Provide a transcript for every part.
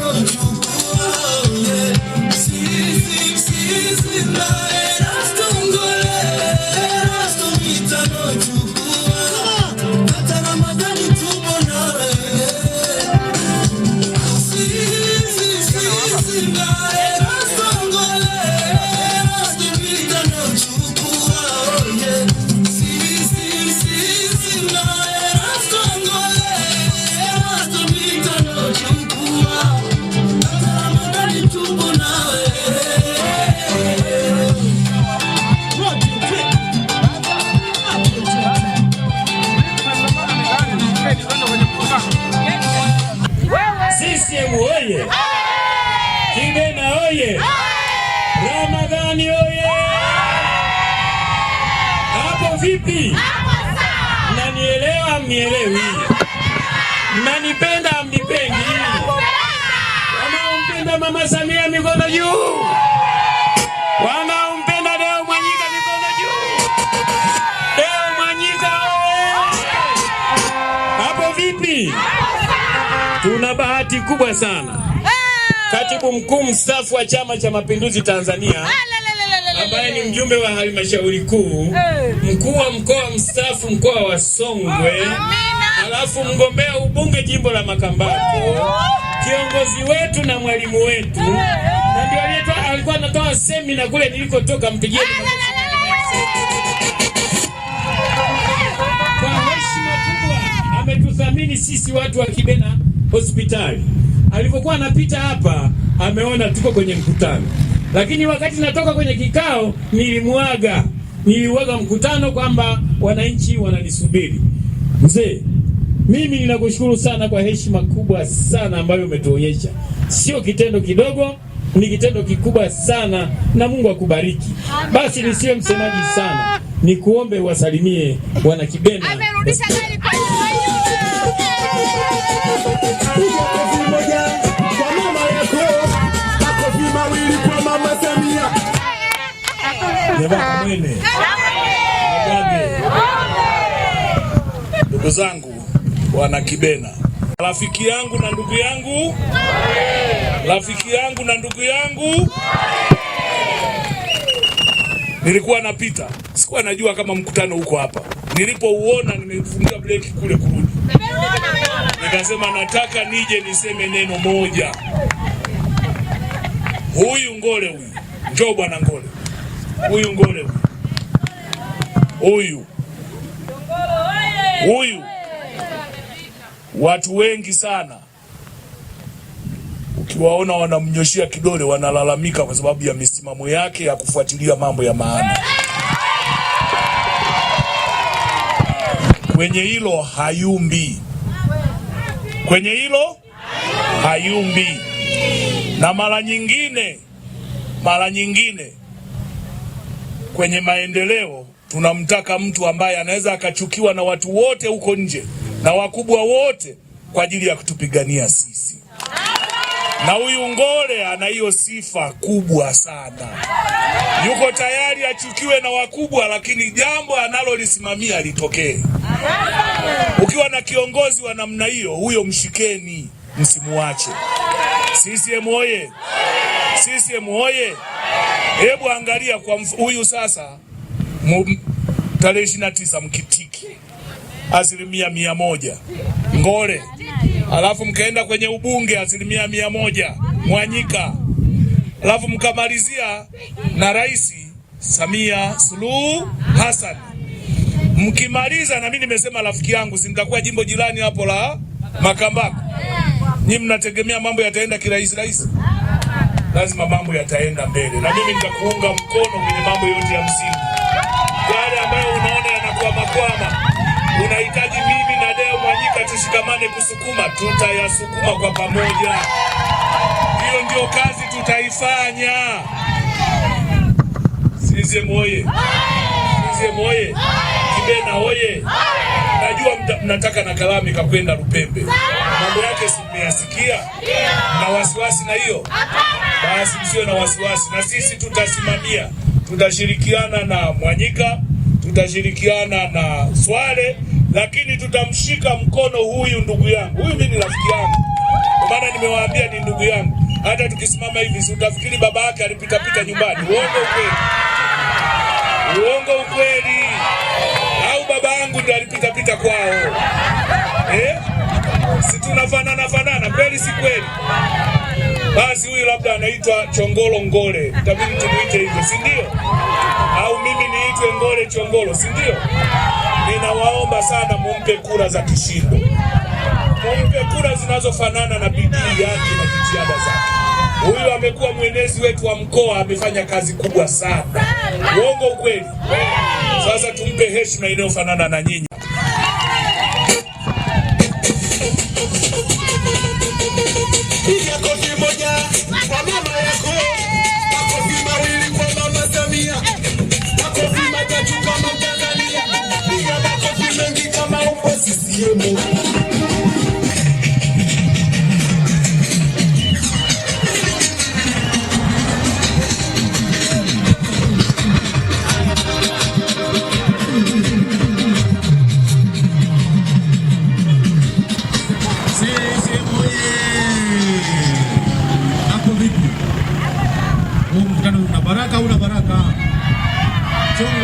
করুন oye! Kigeme oye! Ramadhani oye! Hapo vipi? nanielewa Mnielewi? Mnanipenda? Mnipendi? Kama umpenda Mama Samia, mikono juu! bahati kubwa sana katibu mkuu mstaafu wa Chama cha Mapinduzi Tanzania ambaye ni mjumbe wa halmashauri kuu, mkuu wa mkoa mstaafu mkoa wa Songwe, alafu mgombea ubunge jimbo la Makambako, kiongozi wetu na mwalimu wetu, na ndio alikuwa anatoa semina kule nilikotoka. Mpigieni kwa heshima kubwa, ametuthamini sisi watu wa Kibena hospitali. Alivyokuwa anapita hapa, ameona tuko kwenye mkutano, lakini wakati natoka kwenye kikao nilimwaga niliuaga mkutano kwamba wananchi wananisubiri. Mzee, mimi ninakushukuru sana kwa heshima kubwa sana ambayo umetuonyesha. Sio kitendo kidogo, ni kitendo kikubwa sana, na Mungu akubariki. Basi nisiwe msemaji sana, nikuombe wasalimie wana Kibena. Ndugu zangu wana Kibena, rafiki yangu na ndugu yangu, rafiki yangu na ndugu yangu, nilikuwa napita, sikuwa najua kama mkutano uko hapa. Nilipouona nimefungia breki kule kurudi, nikasema nataka nije niseme neno moja. Huyu ngole huyu, njoo bwana ngole huyu ngole huyu huyu, watu wengi sana ukiwaona wanamnyoshia kidole, wanalalamika kwa sababu ya misimamo yake ya kufuatilia mambo ya maana. Kwenye hilo hayumbi, kwenye hilo hayumbi. Na mara nyingine, mara nyingine kwenye maendeleo tunamtaka mtu ambaye anaweza akachukiwa na watu wote huko nje na wakubwa wote kwa ajili ya kutupigania sisi, na huyu Ngole ana hiyo sifa kubwa sana. Yuko tayari achukiwe na wakubwa, lakini jambo analolisimamia litokee. Ukiwa na kiongozi wa namna hiyo, huyo mshikeni, msimuache. CCM oye! CCM oye! Hebu angalia kwa huyu sasa, tarehe ishirini na tisa mkitiki asilimia mia moja Ngole, alafu mkaenda kwenye ubunge asilimia mia moja Mwanyika, alafu mkamalizia na Rais Samia Suluhu Hassan. Mkimaliza na mimi nimesema rafiki yangu, si nitakuwa jimbo jirani hapo la Makambako, nyi mnategemea mambo yataenda kirahisi rahisi? lazima mambo yataenda mbele, na mimi nitakuunga mkono kwenye mambo yote ya msingi. Yale ambayo unaona yanakwama kwama, unahitaji mimi na Deo Mwanyika tushikamane kusukuma, tutayasukuma kwa pamoja. Hiyo ndio kazi tutaifanya. Sisi moye, sisi moye, Kibena oye! Najua mnataka na Kalami kakwenda Lupembe, mambo yake simeyasikia. Mna wasiwasi na hiyo? Basi msiwe na wasiwasi, na sisi tutasimamia, tutashirikiana na Mwanyika, tutashirikiana na Swale, lakini tutamshika mkono huyu ndugu yangu. Huyu mimi ni rafiki yangu, kwa maana nimewaambia ni ndugu yangu. Hata tukisimama hivi, si utafikiri baba yake alipitapita nyumbani. Uongo ukweli? Uongo ukweli? Au baba yangu ndio alipitapita kwao eh? si tunafanana si kweli, basi huyu labda anaitwa Chongolo Ngole, tabidi tumuite hivyo, si ndio? Au mimi niitwe Ngole Chongolo, si ndio? Ninawaomba sana mumpe kura za kishindo, mumpe kura zinazofanana na bidii yake na jitihada zake. Huyu amekuwa mwenezi wetu wa mkoa, amefanya kazi kubwa sana. Uongo kweli? Sasa tumpe heshima inayofanana na nyinyi.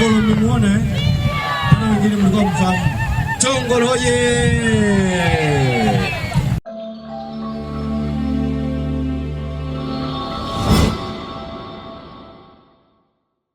Tongolo mlimuona eh? Wengine mlikuwa mfahamu Tongolo, hoye